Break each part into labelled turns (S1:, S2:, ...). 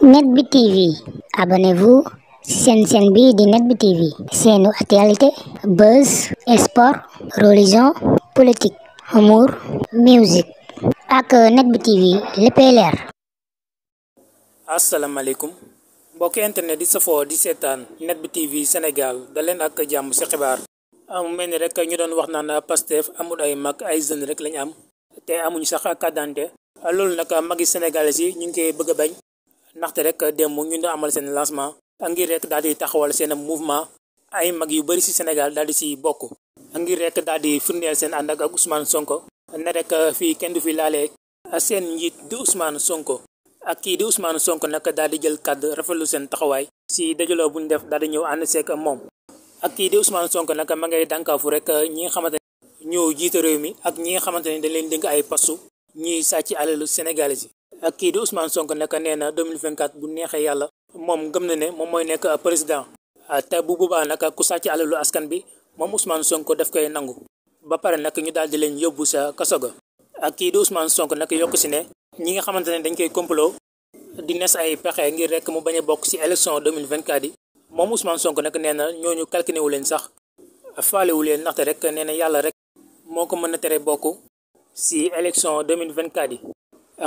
S1: net bi tv abonnez-vous seen seen bi di net bi tv seenu actualité buzz sport religion politique humour musique ak net bi tv léppay leer
S2: asalaamaaleykum mbokk internet di safoo di seetaan net bi tv sénégal da leen ak jàmm ci xibaar mel ni rek ñu doon wax naan Pastef amul ay mag ay jeunes rek lañ am te amuñu sax kàddante loolu nag magi sénégalais yi ñu ngi koy bëgg a bañ ndaxte rek euh, démb ñu ngi amal seen lancement ngir rek daal di taxawal seen mouvement ay mag yu bëri si Sénégal daal di si bokk ngir rek daal di firndeel seen ànd ak Ousmane Sonko na rek euh, fii kenn du fi laalee euh, seen njiit di Ousmane Sonko ak kii di Ousmane Sonko nag daal di jël kàddu rafetlu seen taxawaay si dajaloo bu ñu def daal ñëw ànd seeg moom ak kii di Ousmane Sonko nag ma ngay rek ñi nga xamante ne ñoo jiite réew mi ak ñi nga xamante ne dañ leen dénk ay pastu ñuy sàcc alalu Sénégalais yi ak kii di Ousmane Sonko nag nee na 2024 bu neexee yàlla moom gëm na ne moom mooy nekk président ah, te bu boobaa nag ku sàcc alalu askan bi moom Ousmane Sonko daf koy nangu ba nag ñu daal di leen yóbbu sa kaso ga kii di Ousmane Sonko nag yokk si ne ñi nga xamante ne dañ koy complot di nes ay pexe ngir rek mu bañ a bokk si élection 2024 yi moom Ousmane Sonko nag nee na ñooñu calculé wu leen sax faale leen ndaxte rek nee na yàlla rek moo ko mën a tere bokk si élection 2024 yi.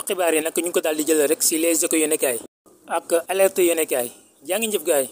S2: xibaar yi nag ñu ngi ko daal di jëlee rek si les échos yéenekaay ak alerte yéenekaay jaa ngi jëf gaay